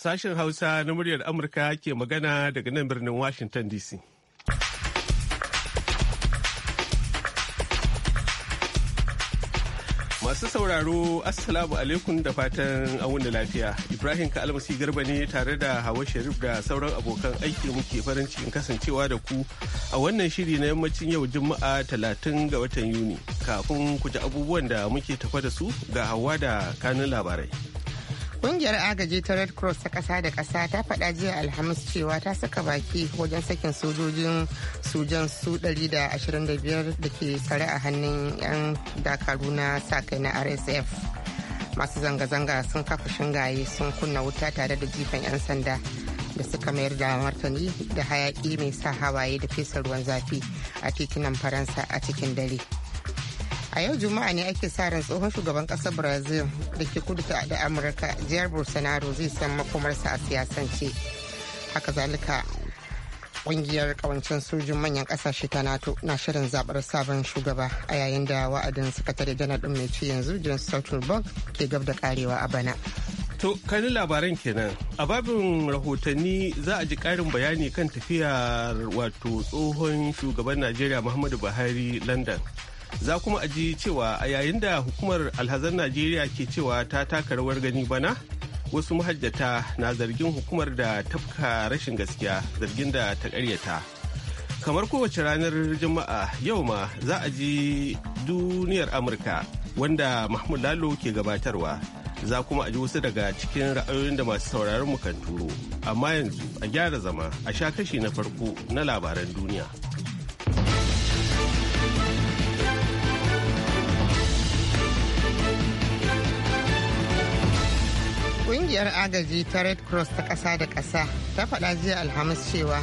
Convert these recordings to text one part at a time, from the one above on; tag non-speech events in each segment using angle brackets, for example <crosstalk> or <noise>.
Sashen Hausa na muryar Amurka ke magana daga nan birnin Washington DC. Masu sauraro, Assalamu alaikum da fatan wuni lafiya. Ibrahim Ka'almasi Garba ne tare da Hawa Sharif da sauran abokan aiki muke farin cikin kasancewa da ku a wannan shiri na yammacin yau Juma'a talatin ga watan Yuni. Kafin ku ji abubuwan da muke tafa da su ga Hawa da kanun labarai. Kungiyar agaji ta Red Cross ta kasa da kasa ta faɗa jiya Alhamis cewa ta saka baki wajen sakin sojojin Sujan su 125 da ke tsare a hannun 'yan dakaru na sa kai na RSF. Masu zanga-zanga sun kafa shingaye sun kunna wuta tare da jifan 'yan sanda da suka mayar da martani da hayaki mai sa hawaye da fesa ruwan zafi a titunan Faransa a cikin dare. a yau juma'a ne ake sa ran tsohon shugaban kasar brazil da ke kudu da amurka jihar bolsonaro zai san makomarsa a siyasance haka zalika kungiyar kawancin sojin manyan kasashe ta nato na shirin zabar sabon shugaba a yayin da wa'adin sakatare janar din mai ci yanzu john bank ke gab da karewa a bana To, kani labaran kenan. A babin rahotanni za a ji karin bayani kan tafiyar wato tsohon shugaban Najeriya Muhammadu Buhari London. za kuma a ji cewa a yayin da hukumar alhazan najeriya ke cewa ta taka rawar gani bana wasu mahajjata na zargin hukumar da tafka rashin gaskiya zargin da ta karyata kamar kowace ranar juma'a yau ma za a ji duniyar amurka wanda mahmud lalo ke gabatarwa za kuma a ji wasu daga cikin ra'ayoyin da masu sauraron mu kan turo amma yanzu a gyara zama a sha kashi na farko na labaran duniya. Kungiyar agaji ta Red Cross ta kasa da kasa ta faɗa jiya Alhamis cewa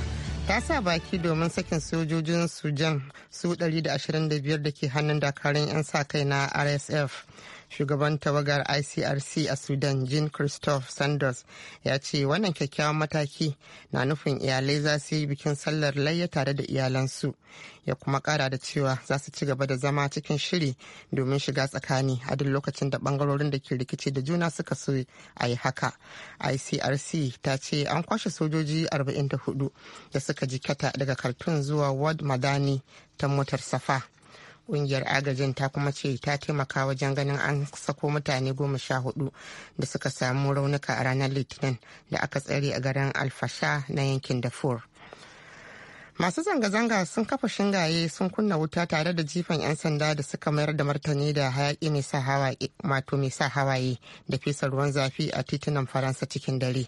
ta sa baki domin sakin sojojin Sujan su 125 da ke hannun dakarun 'yan sa kai na RSF. shugaban tawagar icrc a sudan jean christophe sanders ya ce wannan kyakkyawan mataki na nufin iyalai za su yi bikin sallar layya tare da iyalansu ya kuma kara da cewa za su ci gaba da zama cikin shiri domin shiga tsakani a duk lokacin da bangarorin da ke rikici da juna suka so a yi haka icrc ta ce an kwashe sojoji 44 da suka jikata daga kartun zuwa ward madani ta motar safa kungiyar agajin ta kuma ce ta taimaka wajen ganin an sako mutane goma sha hudu da suka samu raunuka a ranar litinin da aka tsare a garin alfasha na yankin dafur masu zanga-zanga sun kafa shingaye sun kunna wuta tare da jifan 'yan sanda da suka mayar da martani da hayaki mai sa hawaye da fesa ruwan zafi a titunan faransa cikin dare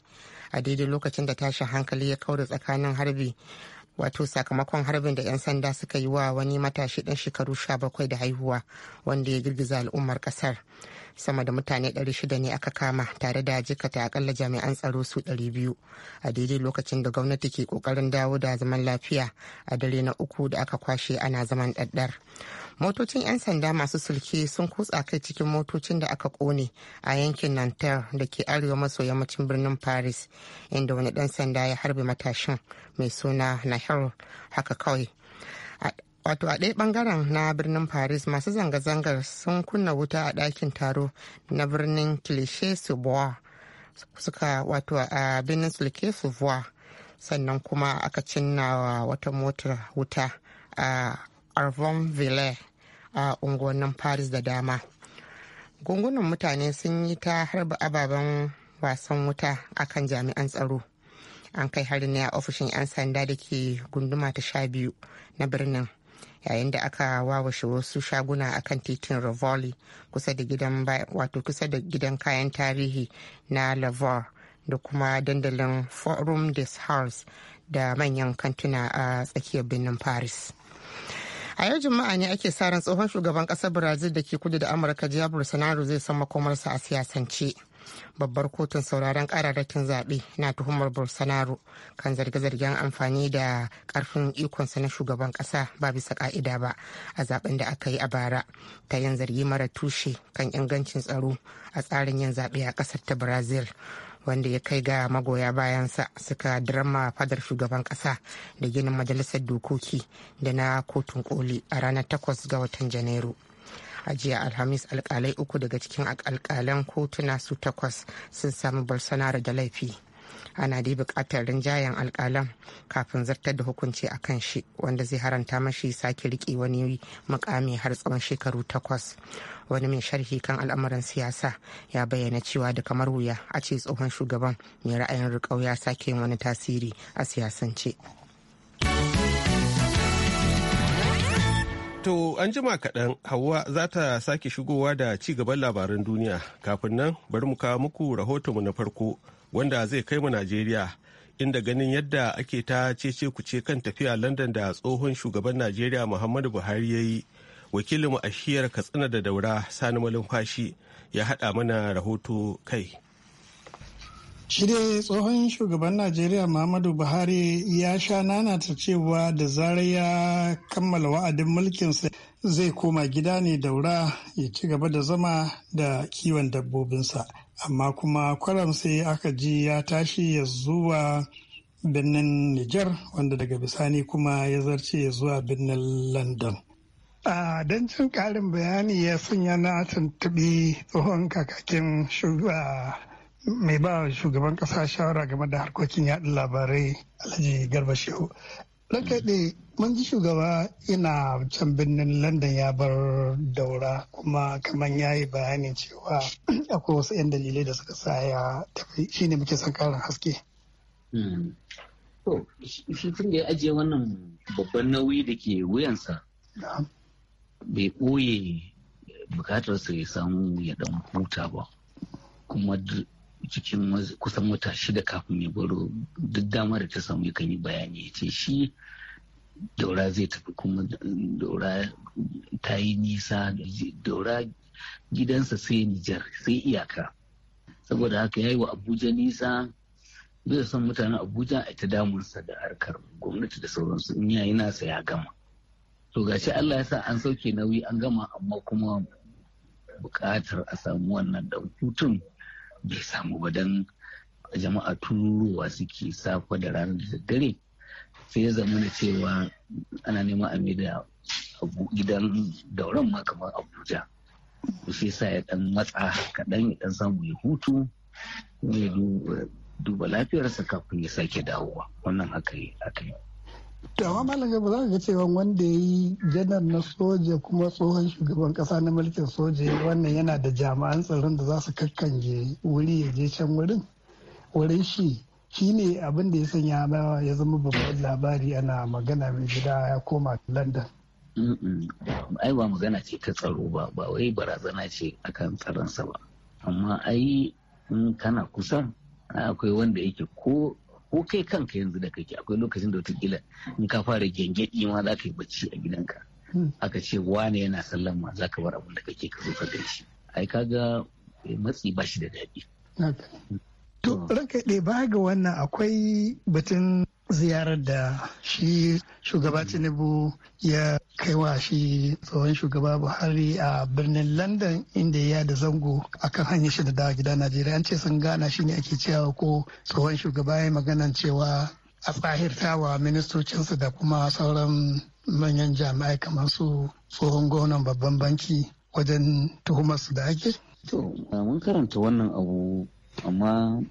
a daidai lokacin da tashin hankali ya kaure tsakanin harbi wato sakamakon harbin da 'yan sanda suka yi wa wani matashi ɗan shekaru 17 da haihuwa wanda ya girgiza al'ummar kasar. sama da mutane 600 ne aka kama tare da jikata akalla jami'an tsaro su 200 a daidai lokacin da gwamnati ke kokarin dawo da zaman lafiya a dare na uku da aka kwashe ana zaman ɗaɗɗar motocin 'yan sanda masu sulke sun kutsa kai cikin motocin da aka kone a yankin nanterre da ke arewa maso yammacin birnin paris inda wani dan sanda ya harbe matashin mai suna nahir haka kawai wato a ɗaya ɓangaren na birnin paris masu zanga-zangar sun kunna wuta a ɗakin taro na birnin cliché subois suka wato a birnin sulke sannan kuma aka cinna wata motar wuta a ville a unguwannin paris da dama gungunan mutane sun yi ta harba ababen wasan wuta akan jami'an tsaro an kai hari ne a ofishin 'yan sanda da ke gunduma ta sha biyu na birnin yayin da aka wawashe wasu shaguna a kan titin Rivoli kusa da gidan wato kusa da gidan kayan tarihi na lavore da kuma dandalin Forum des Halles da manyan kantuna a tsakiyar birnin Paris. a yau juma'a ne ake sa ran tsohon shugaban kasar brazil da ke kudu da amurka jair bolsonaro zai san makomarsa a siyasance babbar kotun sauraron kararrakin zaɓe na tuhumar bolsonaro kan zarge-zargen amfani da karfin ikonsa na shugaban ƙasa ba bisa ƙa'ida ba a zaɓen da aka yi a bara ta yin zargi mara tushe kan ingancin tsaro a tsarin yin zaɓe a ƙasar ta brazil wanda ya kai ga magoya bayansa suka drama fadar shugaban kasa da ginin majalisar dokoki da na kotun koli a ranar 8 ga watan janairu a jiya alhamis alkalai uku daga cikin alkalan kotuna su takwas sun samu bolsonaro da laifi ana dai bukatar rinjayen alkalan kafin zartar da hukunci a kan shi wanda zai haranta mashi sake riƙe wani mukami har tsawon shekaru takwas wani mai sharhi kan al'amuran siyasa ya bayyana cewa da kamar wuya a ce tsohon shugaban mai ra'ayin riƙau ya sake wani tasiri a siyasance. To an jima kaɗan Hauwa za ta sake shigowa da ci gaban labaran duniya kafin nan bari mu kawo muku rahotonmu na farko wanda zai kai mu Najeriya inda ganin yadda ake ta cece ce kan tafiya London da tsohon shugaban Najeriya Muhammadu Buhari ya yi wakilinmu a shiyar Katsina da Daura Sani Malumfashi ya haɗa mana rahoto kai. Shi tsohon shugaban Najeriya Muhammadu Buhari ya sha nanata cewa da zarar ya kammala wa'adin mulkinsa zai koma gida ne daura ya ci gaba da zama da kiwon dabbobinsa. Amma kuma kwaram sai aka ji ya tashi ya zuwa birnin Nijar wanda daga bisani kuma ya zarce ya zuwa birnin London. A don jin ƙarin bayani ya sanya na tuntuɓi tsohon kakakin shugaba mai ba shugaban kasa shawara game da harkokin yaɗin labarai alhaji garba shehu rakaɗe mun ji shugaba yana can birnin london ya bar daura kuma kamar ya yi bayanin cewa <clears throat> akwai wasu 'yan dalilai da suka sa ya tafi shine muke son karin haske hmm. shi ajiye wannan babban nauyi da ke wuyansa bai ɓoye bukatar su ya samu ya dan huta ba kuma cikin kusan wata shida kafin ya baro duk dama da ta samu yakan yi bayani ya ce shi daura zai tafi kuma daura ta yi nisa daura gidansa sai nijar sai iyaka saboda haka ya yi wa abuja nisa zai san mutanen abuja a ta damunsa da harkar gwamnati da sauransu in yayi nasa ya gama to gashi allah ya sa an sauke nauyi an gama amma kuma bukatar a samu wannan dan hutun bai samu ba don jama'a tururuwa suke safa da ranar da daddare sai ya zama na cewa ana neman a da gidan dauran ma kamar abuja Sai sa ya dan matsa kaɗan ya dan samu ya hutu ya duba lafiyarsa kafin ya sake dawowa wannan haka yi amma malam ba za ka ga cewa wanda ya yi janar na soja kuma tsohon shugaban kasa na mulkin soja wannan yana da jami'an tsaron da za su kakkanje wuri ya je can wurin wurin shi shi ne abin da ya sanya ma ya zama babban labari ana magana mai gida ya koma london ai ba magana ce ta tsaro ba ba wai barazana ce akan tsaronsa ba amma ai kana kusa akwai wanda yake ko ko kai kanka yanzu da kake akwai lokacin da watakila in ka fara gyangyaɗi ma za ka yi bacci a gidanka hmm. aka ce wane yana sallan ma za ka bar abin da kake ka zo ka gan shi ai kaga eh, matsi ba shi da daɗi. To hmm. ranka ɗaya baya ga wannan akwai batun ziyarar da shi shugaba tinubu ya kai wa shi tsohon shugaba buhari a birnin london inda ya da zango akan hanyar shi da dawa gida najeriya an ce sun gana shi ne ake cewa ko tsohon shugaba ya maganan cewa a tsahirtawa ministocinsu da kuma sauran manyan jami'ai kamar su tsohon gwamnan babban banki wajen tuhumarsu da ake? To, mun karanta wannan abu amma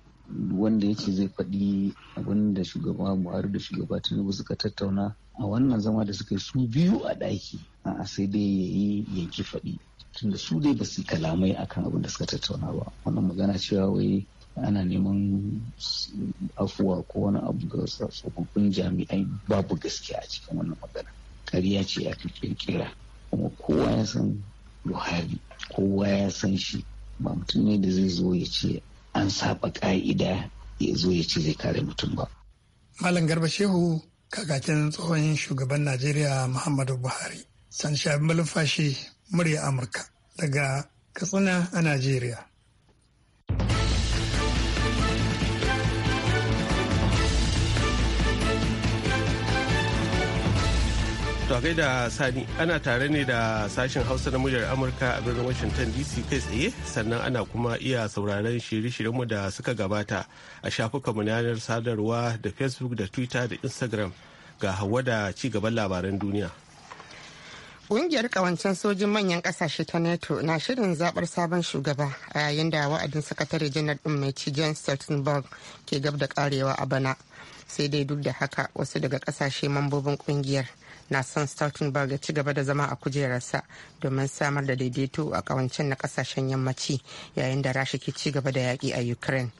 wanda ya ce zai faɗi abin da shugaba buhari da shugaba tinubu suka tattauna a wannan zama da suka yi su biyu a ɗaki a sai dai ya yi yanki faɗi tunda su dai ba su kalamai akan abin da suka tattauna ba wannan magana cewa wai ana neman afuwa ko wani abu ga tsofaffin jami'ai babu gaskiya a cikin wannan magana ƙarya ce aka kirkira kuma kowa ya san buhari kowa ya san shi ba mutum ne da zai zo ya ce an saba ka'ida ya zo ya ce zai kare mutum ba. Malam Garba Shehu kakakin tsohon shugaban Najeriya Muhammadu Buhari, Sansha Malumfashi, murya Amurka daga Katsina a Najeriya. To a gaida Sani ana tare ne da sashen Hausa na muryar Amurka a birnin Washington DC kai tsaye sannan ana kuma iya sauraron shirye-shiryenmu da suka gabata a shafukanmu na yanar sadarwa da Facebook da Twitter da Instagram ga hawa da ci gaban labaran duniya. Ƙungiyar kawancen sojin manyan ƙasashe ta NATO na shirin zaɓar sabon shugaba a yayin da wa'adin sakatare janar ɗin mai ci Jens Stoltenberg ke gab da ƙarewa a bana. Sai dai duk da haka wasu daga ƙasashe mambobin ƙungiyar na son stoltenberg ya ci gaba da zama a kujerarsa domin samar da daidaito a kawancin na kasashen yammaci yayin da rasha ke ci gaba da yaƙi a ukraine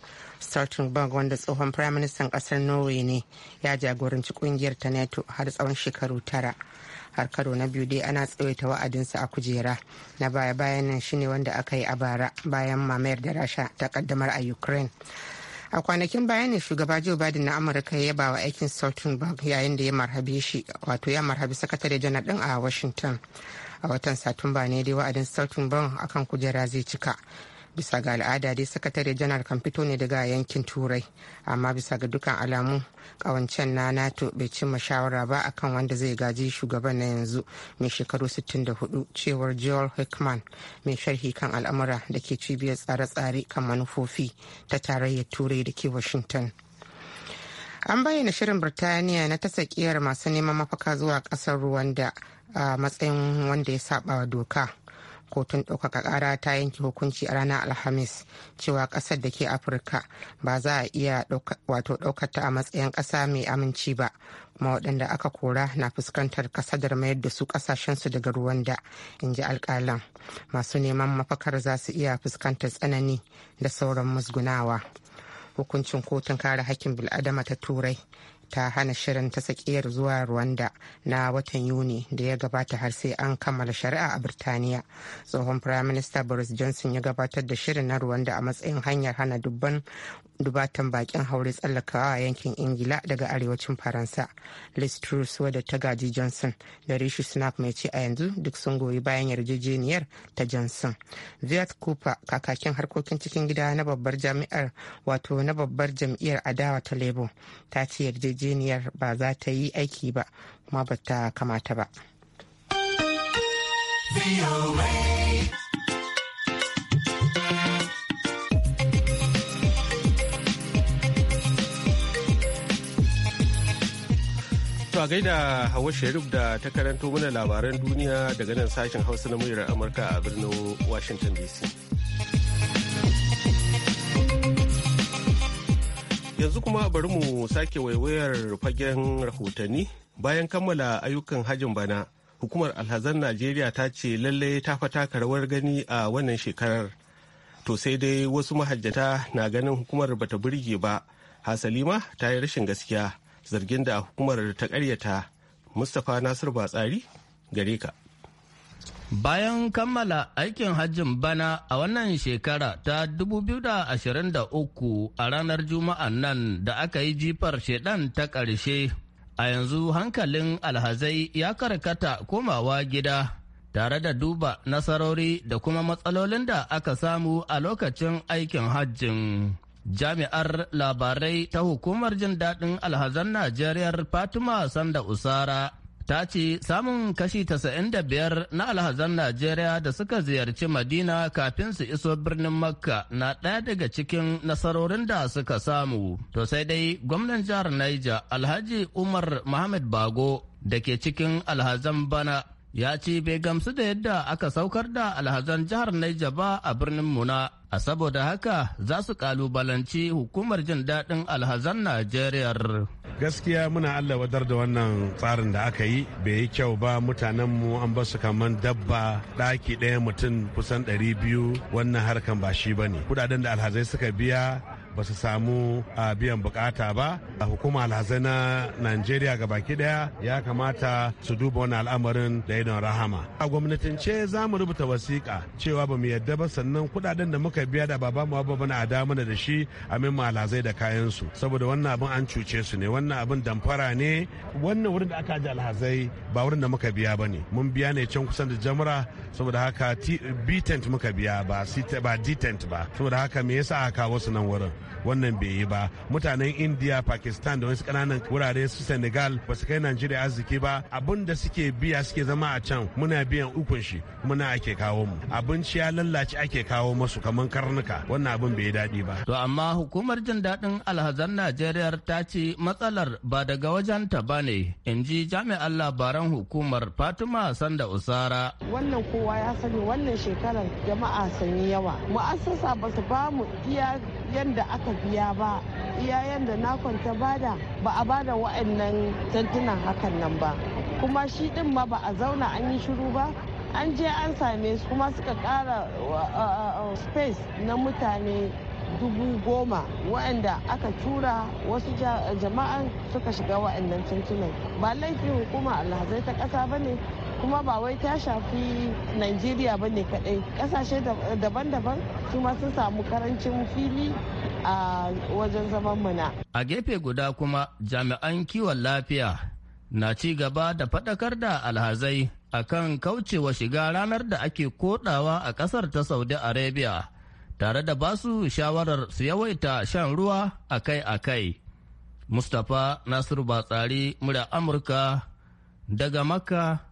stoltenberg wanda tsohon firaministan ƙasar norway ne ya jagoranci ƙungiyar ta nato har tsawon shekaru tara har karo na biyu dai ana tsawaita wa'adinsa a kujera na baya bayan nan shine wanda aka yi a bara bayan mamayar da rasha ta kaddamar a ukraine a kwanakin baya ne shugaba joe biden na amurka ya yaba wa aikin stoltenberg yayin da ya marhabe shi wato ya marhabi sakatare janar din a washington a watan satumba ne dai wa'adin stoltenberg akan kujera zai cika bisa ga al'ada dai sakatare janar kan fito ne daga yankin turai amma bisa ga dukkan alamu kawancen na nato bai cimma shawara ba akan wanda zai gaji shugaban na yanzu mai shekaru 64 cewar joel hickman mai sharhi kan al'amura da ke cibiyar tsare-tsare kan manufofi ta tarayyar turai da ke washington an bayyana shirin birtaniya na ta tsakiyar masu neman mafaka zuwa kasar ruwan a matsayin wanda ya saba wa doka kotun ɗaukaka ƙara ta yanke hukunci a ranar alhamis cewa ƙasar da ke afirka ba za a iya wato ɗaukata a matsayin ƙasa mai aminci ba kuma waɗanda aka kora na fuskantar kasadar mayar da su ƙasashensu daga ruwanda in ji alƙalan masu neman mafakar za su iya fuskantar tsanani da sauran musgunawa hukuncin kotun kare hakkin bil'adama ta turai ta hana shirin ta sakiyar zuwa rwanda na watan yuni da ya gabata har sai an kammala shari'a a birtaniya tsohon firaminista boris johnson ya gabatar da shirin na rwanda a matsayin hanyar hana dubban dubatan bakin haure tsallakawa a yankin ingila daga arewacin faransa liz truss wadda ta gaji johnson da rishi sunak mai ce a yanzu duk sun goyi bayan yarjejeniyar ta johnson viet cooper kakakin harkokin cikin gida na babbar jami'ar wato na babbar jam'iyyar adawa ta labour ta ce yarjejeniyar yarjejeniyar ba za ta yi aiki ba kuma ba ta kamata ba. To a gaida Hawa Sharif da ta karanto mana labaran duniya daga nan sashen Hausa na muryar Amurka a birnin Washington DC. yanzu kuma bari mu sake waiwayar fagen rahotanni bayan kammala ayyukan hajin bana hukumar alhazan najeriya ta ce lallai ta fata karawar gani a wannan shekarar to sai dai wasu mahajjata na ganin hukumar bata burge ba hasalima ta yi rashin gaskiya zargin da hukumar ta karyata mustapha nasir batsari gare ka Bayan kammala aikin hajjin bana a wannan shekara ta 2023 a ranar Juma'a nan da aka yi jifar shedan ta ƙarshe, a yanzu hankalin alhazai ya karkata komawa gida tare da duba nasarori da kuma matsalolin da aka samu a lokacin aikin hajjin. Jami'ar labarai ta hukumar jin daɗin alhazan Najeriya Fatima Sanda Usara ta ce samun kashi 95 na alhazan Najeriya da suka ziyarci Madina kafin su iso birnin Makka na ɗaya daga cikin nasarorin da suka samu. To sai dai gwamnan jihar Niger Alhaji Umar Muhammad Bago da ke cikin alhazan bana ya ce bai gamsu da yadda aka saukar da alhazan jihar Niger ba a birnin Muna. a saboda haka za su kalubalanci hukumar jin daɗin alhazan najeriya gaskiya muna allah wadar da wannan tsarin da aka yi bai yi kyau ba mutanen mu an basu kamar dabba ɗaki ɗaya mutum kusan ɗari biyu wannan harkan ba shi ba ne kudaden da alhazai suka biya ba su samu biyan bukata ba hukuma alhazai na najeriya baki daya ya kamata su duba wani al'amarin da idon rahama a gwamnatin ce za mu rubuta wasiƙa cewa ba mu yadda ba sannan kuɗaɗen da muka biya da baba mu ba bana a mana da shi a min alhazai da kayan su saboda wannan abin an cuce su ne wannan abin damfara ne wannan wurin da aka ji alhazai ba wurin da muka biya ba ne mun biya ne can kusan da jamra saboda haka b tent muka biya ba d tent ba saboda haka me yasa aka kawo su nan wurin wannan bai yi ba mutanen india pakistan da wasu kananan wurare su senegal ba su kai najeriya arziki ba abin da suke biya suke zama a can muna biyan ukun shi kuma na ake kawo mu abinci ya lallace ake kawo masu kamar karnuka wannan abin bai yi daɗi ba to amma hukumar jin daɗin alhazan najeriya ta ce matsalar ba daga wajen ta bane ne in ji jami'an labaran hukumar fatima sanda usara wannan kowa ya sani wannan shekarar jama'a sun yawa mu'assasa ba su ba mu iya yadda aka biya ba iya yadda na kwanta bada ba a bada wa'annan tantunan hakan nan ba kuma shi din ma ba a zauna an yi shiru ba an je an same su kuma suka kara space na mutane dubu goma waɗanda aka tura wasu jama'an suka shiga waɗannan tuntunan ba laifin hukuma alhazai ta ƙasa ba ne kuma ba wai ta shafi nigeria ba ne kadai kasashe daban-daban su ma su samu karancin fili a wajen zaman muna a gefe guda kuma jami'an kiwon lafiya na ci gaba da faɗakar da alhazai a kan kaucewa shiga ranar da ake kodawa a kasar ta saudi arabia tare da ba su shawarar su yawaita shan ruwa akai-akai mustapha nasiru batsari murya amurka daga makka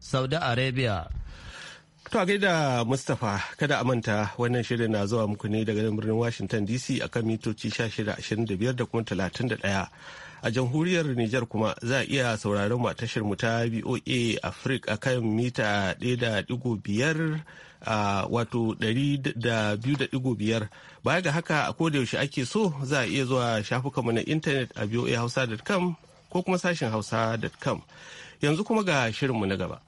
saudi arabia To gaida Mustapha kada a manta wannan shirin na zuwa muku ne daga birnin Washington DC akan mitoci 1625 da kuma 31. A jamhuriyar Nijar kuma za a iya sauraron mu tashar mu ta BOA Africa akan mita 1.5 a wato 200.5 baya ga haka a yaushe ake so za a iya zuwa shafukanmu na intanet a boahausa.com ko kuma sashen hausa.com yanzu kuma ga shirinmu na gaba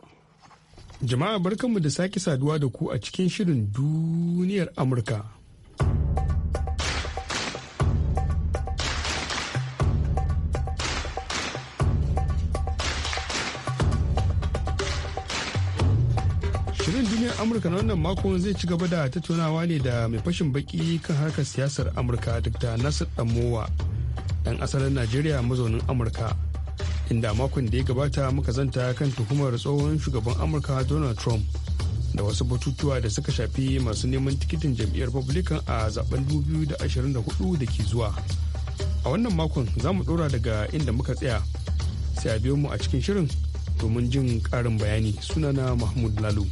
jama'a barkanmu da sake saduwa da ku a cikin shirin duniyar amurka shirin duniyar amurka na wannan makon zai ci gaba da tattaunawa ne da mai fashin baki kan harkar siyasar amurka dr nasir damowa dan asalin najeriya mazaunin amurka inda makon da ya gabata muka zanta kan tuhumar tsohon shugaban amurka donald trump da wasu batutuwa da suka shafi masu neman tikitin jam'iyyar republican a zaben 2024 da ke zuwa a wannan makon za mu dora daga inda muka tsaya sai a biyo mu a cikin shirin domin jin karin bayani sunana mahmud lalu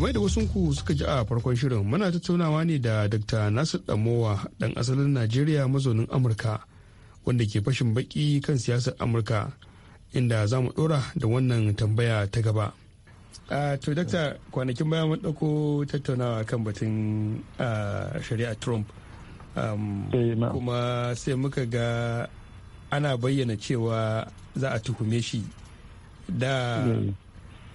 kamar da ku suka ji a farkon shirin muna tattaunawa ne da dr nasir damowa dan asalin najeriya mazaunin amurka wanda ke fashin baki kan siyasar amurka inda za mu dora da wannan tambaya ta gaba Uh, to dakta kwanakin baya mun dauko tattaunawa kan batun shari'a trump eh, kuma sai muka ga ana bayyana cewa za a tuhume shi da eh.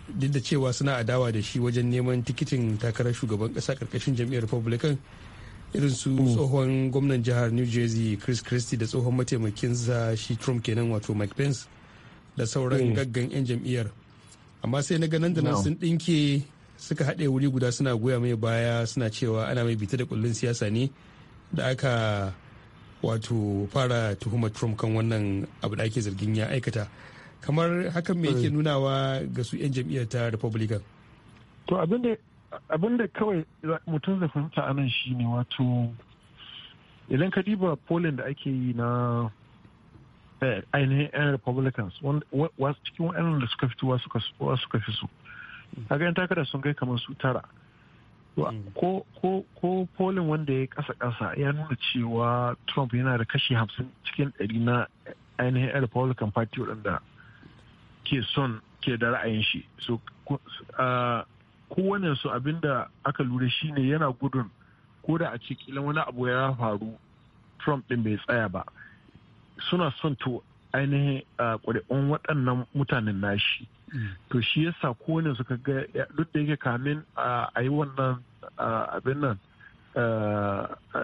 duk da cewa suna adawa da shi wajen neman tikitin takarar shugaban kasa karkashin jam'iyyar republican irin su mm. tsohon gwamnan jihar new jersey chris christie da tsohon mataimakinsa shi trump kenan wato mike pence da sauran mm. gaggan 'yan jam'iyyar amma sai na ganin da nan sun ɗinke suka haɗe wuri guda suna goya mai baya suna cewa ana mai bita da kullun siyasa ne da aka wato fara tuhumar trump kan wannan abu da ake zargin ya aikata kamar hakan me yake eh. nunawa ga su 'yan jam'iyyar ta republican to abin da kawai mutum zai fahimta a nan shi ne wato idan ka diba polling da ake yi na eh, ainihin 'yan republicans wasu cikin da suka fito wasu suka fi su a yan takara sun kai kamar su tara hmm. ko polling wanda ya kasa kasa ya nuna cewa trump yana da kashi hamsin cikin 100 na ainihin republican party waɗanda ke son ke da ra'ayin shi so uh, kowane su abinda aka lura shine yana gudun ko da a cikin wani abu ya faru trump din bai tsaya ba suna son to ainihin uh, ƙuri'un waɗannan mutanen nashi mm. to shi yasa kowane suka ga duk da yake kamin uh, a yi wannan abin nan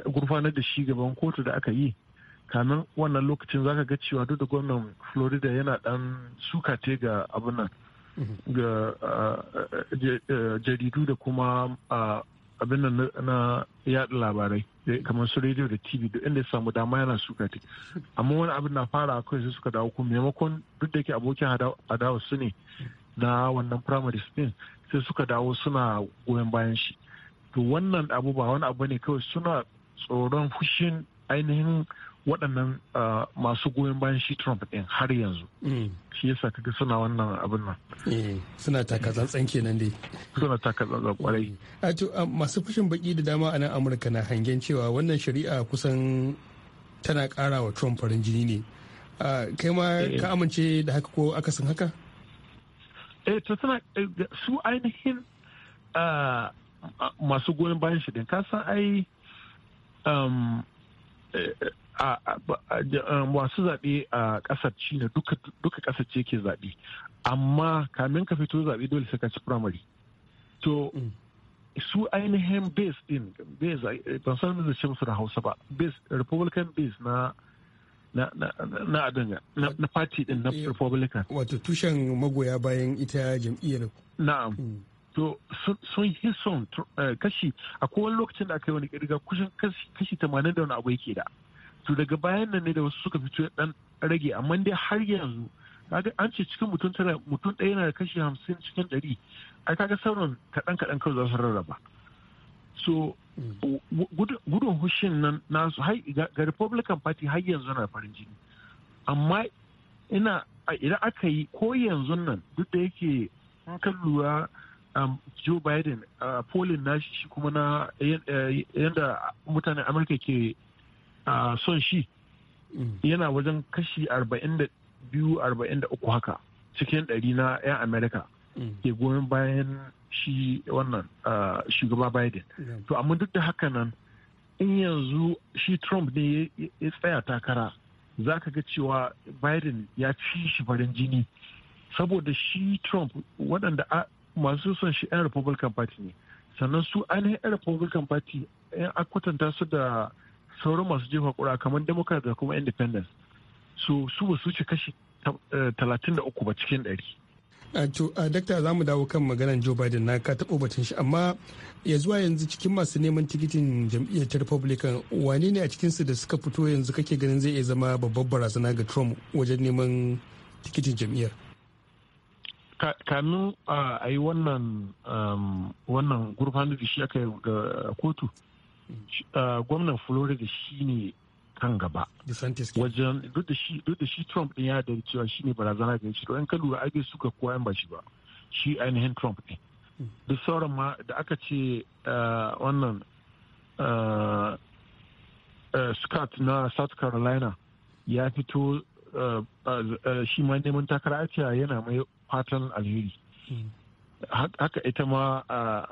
gurfanar da shi gaban kotu da aka yi kanan wannan lokacin zaka ga cewa duk da gwamnan florida yana dan sukate ga abin nan ga eh, eh, eh, jaridu da kuma abin nan na yada labarai kamar su rediyo da tv duk inda ya samu dama yana sukate amma wani abin na fara kawai su suka dawo kuma maimakon duk da yake abokin adawa su ne na wannan primary din sai suka dawo suna goyon bayan shi to wannan abu ba wani abu ne kawai suna tsoron fushin ainihin waɗannan ah, masu goyon bayan shi trump ɗin har yanzu mm. shi yasa kaga suna wannan abin nan eh, suna takatsantsan kenan dai suna takatsantsan kwarai mm. to ah, masu fushin baki da dama a nan amurka na hangen cewa wannan shari'a kusan tana ƙara wa trump farin jini ne ah, kai ma eh. ka amince da haka ko akasin haka eh to tana eh, su ainihin masu goyon bayan shi ɗin ka san ai um, Eh, eh, um, masu zaɓe a ƙasar china duka ƙasar ce ke zaɓe amma kamin ka fito zaɓe dole sai ka ci primary to mm. su ainihin base din eh, ban san da ce musu da hausa ba republican base na na na adanya na party din na republican wato tushen magoya bayan ita jam'iyyar na'am mm. to sun yi son eh, kashi a kowane lokacin da aka yi wani kirga kusan kashi tamanin da wani abu yake da to daga bayan nan ne da wasu suka fito dan rage amma dai har yanzu kaga an ce cikin mutum tara mutum ɗaya yana da kashi hamsin cikin ɗari ai kaga sauran kaɗan kaɗan kawai za su rarraba so mm. gudun hushin nan nasu ga republican party har yanzu na farin jini amma ina idan aka yi ko yanzu nan duk da yake kan lura um, Joe Biden uh, polin nashi shi kuma na uh, yadda uh, mutanen Amurka ke uh, son shi mm. yana wajen kashi 42-43 haka cikin ɗari na 'yan amurka mm. ke goyon bayan shi wannan uh, shugaba Biden. To amma duk da haka nan in yanzu shi Trump ne ya tsaya takara za ka ga cewa Biden ya fi shi farin jini. saboda shi trump waɗanda masu son shi 'yan republican party ne sannan su ainihin 'yan republican party 'yan akwatanta su da sauran masu jefa kura kamar democrat da kuma independence su su ba su ci kashi 33 eh, ba cikin 100 eh, eh, dakta za mu dawo kan maganan joe biden na ka taɓo batun shi amma ya zuwa yanzu cikin masu neman tikitin jam'iyyar ta republican wani ne a cikinsu da suka fito yanzu kake ganin zai iya zama babbar barazana ga trump wajen neman tikitin jam'iyyar kamin a yi wannan um, wannan da shi aka yi ga kotu gwamnan florida shi ne kan gaba wajen duk da shi trump ɗin ya da cewa shi ne barazana ga shi don ka a ai suka kowa yan ba shi ba shi ainihin trump ɗin duk sauran ma da aka ce wannan scott na south carolina ya fito shi ma neman takara a yana mai fatan alheri mm. haka ita ma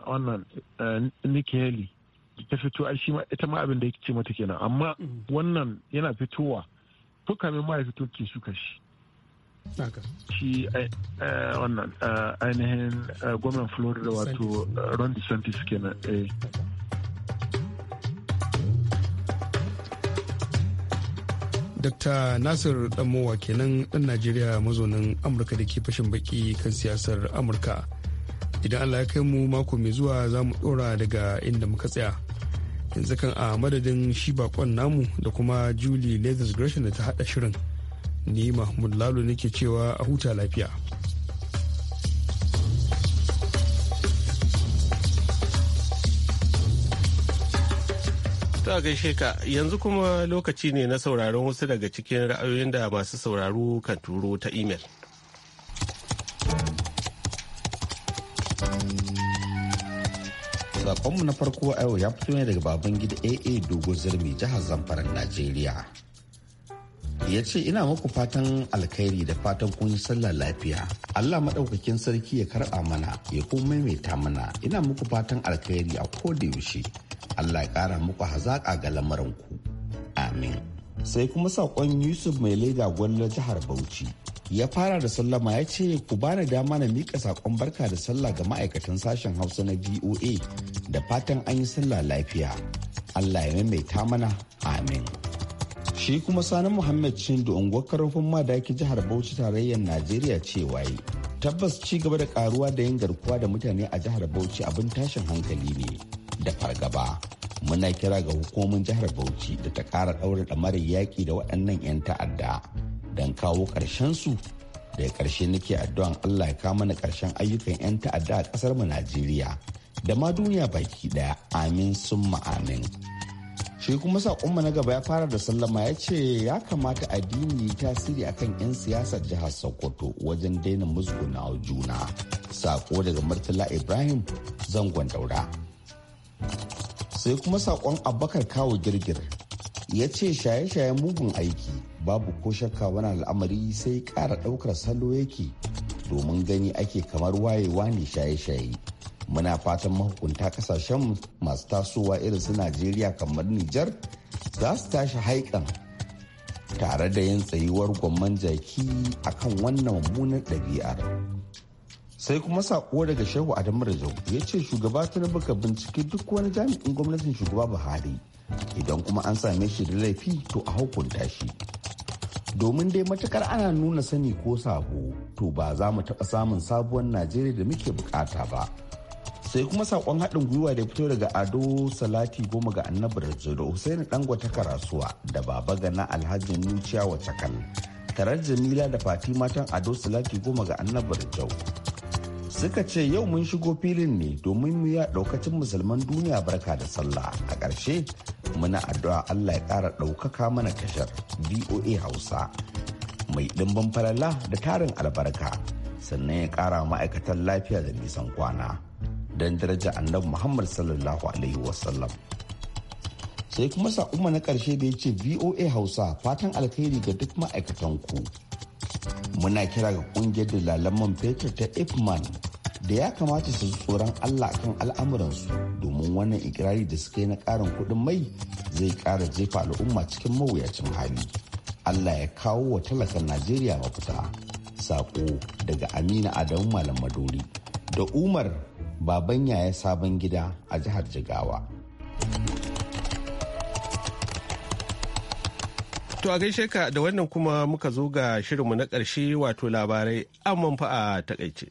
wannan nikeli ta fito a shi ita ma abin da ya ce mata kenan amma mm. wannan yana fitowa to kamin ma ya fito ke suka shi shi wannan ainihin gwamnan florida wato ron santis kenan eh. Dr. Nasir Damowa kenan ɗan Najeriya mazaunin Amurka da ke fashin baki kan siyasar Amurka. Idan Allah ya kai mu mako mai zuwa za mu ɗora daga inda muka tsaya. Yanzu kan a madadin shi bakon namu da kuma Julie Lathis Gresham da ta haɗa shirin. Ni Mahmud Lalo nake cewa a huta lafiya. Ta a gaishe ka yanzu kuma lokaci ne na sauraron wasu daga cikin ra'ayoyin da masu sauraro kan turo ta imel. Sakonmu na farko a yau ya fito ne daga baban gida AA Dogo Zirmi jihar Zamfara Najeriya. Ya ce ina muku fatan alkhairi da fatan kun sallah lafiya. Allah maɗaukakin sarki ya karɓa mana ya kuma maimaita mana ina muku fatan alkhairi a ko da yaushe. Allah ya ƙara muku hazaƙa ga lamaranku. Amin. Sai kuma saƙon Yusuf mai leda gwallo jihar Bauchi. Ya fara da sallama ya ce ku bani dama na miƙa saƙon barka da sallah ga ma'aikatan sashen Hausa na VOA da fatan an yi sallah lafiya. Allah ya maimaita mana. Amin. Shi kuma Sani Muhammad Shindu unguwar karfin madaki jihar Bauchi tarayyar Najeriya ce waye. Tabbas ci gaba da karuwa da yin garkuwa da mutane a jihar Bauchi abin tashin hankali ne. da fargaba muna kira ga hukumomin jihar bauchi da ta kara da mara yaƙi da waɗannan 'yan ta'adda don kawo su da ya ƙarshe nake addu'an allah ya kawo mana ƙarshen ayyukan 'yan ta'adda a ƙasar mu najeriya da ma duniya baki ɗaya amin sun amin shi kuma saƙonmu na gaba ya fara da sallama ya ce ya kamata addini yi tasiri akan 'yan siyasar jihar sokoto wajen daina musguna juna saƙo daga murtala ibrahim zangon daura sai kuma saƙon abakar kawo girgir ya ce shaye-shayen mugun aiki babu ko shakka wani al'amari sai ƙara ɗaukar salo yake domin gani ake kamar wayewa ne shaye-shaye muna fatan mahukunta kasashen masu tasowa irin su najeriya kamar nijar za su tashi haikan tare da yin tsayuwar gwamman jaki akan wannan mummunan ɗabi'ar. sai kuma sako daga shehu adamu rajau ya ce shugaba tinubu ka bincike duk wani jami'in gwamnatin shugaba buhari idan kuma an same shi da laifi to a hukunta shi domin dai matukar ana nuna sani ko sabo to ba za mu taɓa samun sabuwar najeriya da muke bukata ba sai kuma sakon haɗin gwiwa da fito daga ado salati goma ga annabi rajo da husaini dangwata karasuwa da baba gana alhaji nuciya cakal tarar jamila da fatima matan ado salati goma ga annabar jau suka ce yau mun shigo filin ne domin mu ya daukacin musulman duniya barka da sallah a ƙarshe muna addu'a allah ya ƙara ɗaukaka mana tashar voa hausa mai ɗimbin falala da tarin albarka sannan ya ƙara ma'aikatan lafiya da nisan kwana don daraja annabi muhammad sallallahu alaihi wasallam sai kuma Umma na ƙarshe da ya ce voa hausa fatan alkhairi ga duk ma'aikatan ku muna kira ga kungiyar da man fetur ta ipman da ya kamata su ji tsoron Allah kan al'amuransu domin wannan ikirari da suka yi na ƙarin kuɗin mai zai ƙara jefa al'umma cikin mawuyacin hali. Allah ya kawo wa talakan Najeriya mafita. saƙo daga Amina Adamu Malam Maduri da Umar baban yaya sabon gida a jihar Jigawa. To a gaishe ka da wannan kuma muka zo ga shirinmu na ƙarshe wato labarai amman fa a takaice.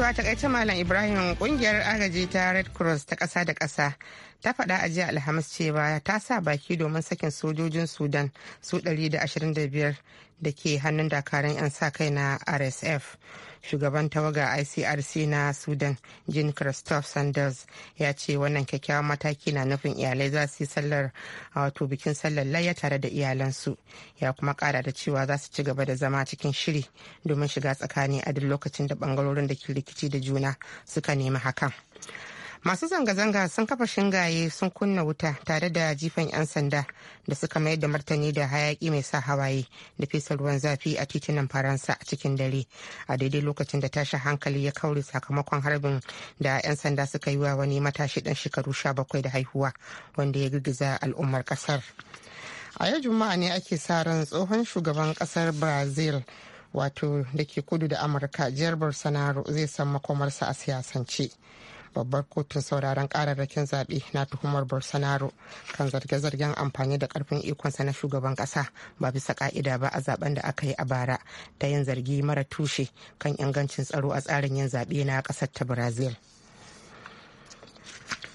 To a takaice Malam Ibrahim kungiyar agaji ta Red Cross ta kasa da kasa. ta faɗa a jiya alhamis cewa ta sa baki domin sakin sojojin sudan su 125 da ke hannun dakarun 'yan sa kai na rsf shugaban tawaga icrc na sudan jean christophe sanders ya ce wannan kyakkyawan mataki na nufin iyalai za su yi sallar a wato bikin sallar layya tare da iyalansu ya kuma kara da cewa za su ci gaba da zama cikin shiri domin shiga tsakani a duk lokacin da bangarorin da ke rikici da juna suka nemi hakan masu zanga-zanga sun kafa shingaye sun kunna wuta tare da jifan 'yan sanda da suka mayar da martani da hayaki mai sa hawaye da fesa ruwan zafi a titunan faransa a cikin dare a daidai lokacin da tashi hankali ya kaure sakamakon harbin da 'yan sanda suka yi wa wani matashi dan shekaru 17 da haihuwa wanda ya girgiza al'ummar kasar a yau juma'a ne ake sa ran tsohon shugaban kasar brazil wato da ke kudu da amurka jiyar bolsonaro zai san makomarsa a siyasance babbar kotun sauraron kararrakin zaɓe na tuhumar bolsonaro kan zarge-zargen amfani da karfin ikonsa na shugaban ƙasa ba bisa ƙa'ida ba a zaben da aka yi a bara ta yin zargi mara tushe kan ingancin tsaro a tsarin yin zaɓe na ƙasar ta brazil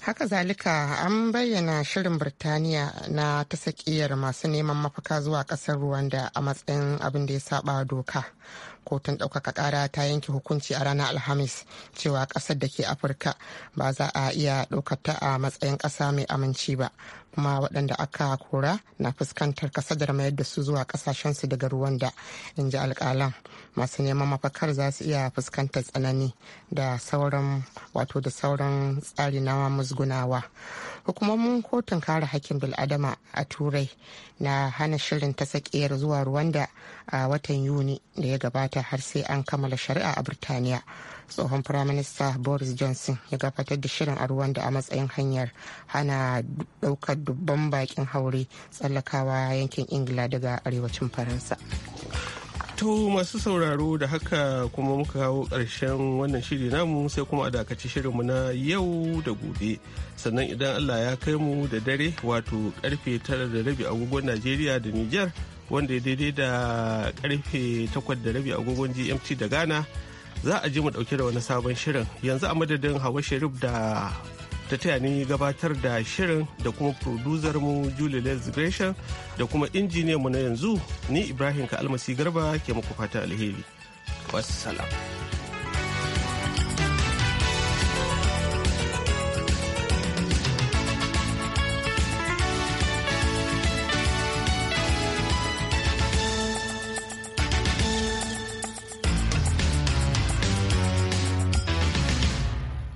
haka zalika an bayyana shirin birtaniya na ta sakiyar masu neman mafaka zuwa kasar da a matsayin abin da ya saba doka kotun ɗaukaka ƙara ta yanke hukunci a ranar alhamis cewa ƙasar da ke afirka ba za a iya ɗaukar ta a matsayin ƙasa mai aminci ba kuma waɗanda aka kora na fuskantar kasadar mayar da su zuwa ƙasashensu daga ruwanda in ji alƙalan masu neman mafakar za su iya fuskantar tsanani da sauran wato da sauran tsari na musgunawa hukumomin kotun kare hakkin bil'adama a turai na hana shirin ta tsakiyar zuwa rwanda a watan yuni da ya gabata har sai an kammala shari'a a birtaniya tsohon firaminista boris johnson ya gabatar da shirin a rwanda a matsayin hanyar hana daukar dubban bakin haure tsallakawa yankin ingila daga arewacin faransa To masu sauraro da haka kuma muka kawo ƙarshen wannan shiri namu sai kuma a dakaci shirinmu na yau da gobe. Sannan idan Allah ya kai mu da dare wato karfe tara da rabi agogon Najeriya da Nijar wanda ya daidai da karfe takwas da rabi agogon GMT da Ghana za a ji mu dauke da wani sabon shirin yanzu a madadin Hawa Sharif da ta taya ni gabatar da shirin da kuma producer mu Julie da kuma injiniyan mu na yanzu ni Ibrahim Ka Almasi Garba ke muku fata alheri. Wassalam.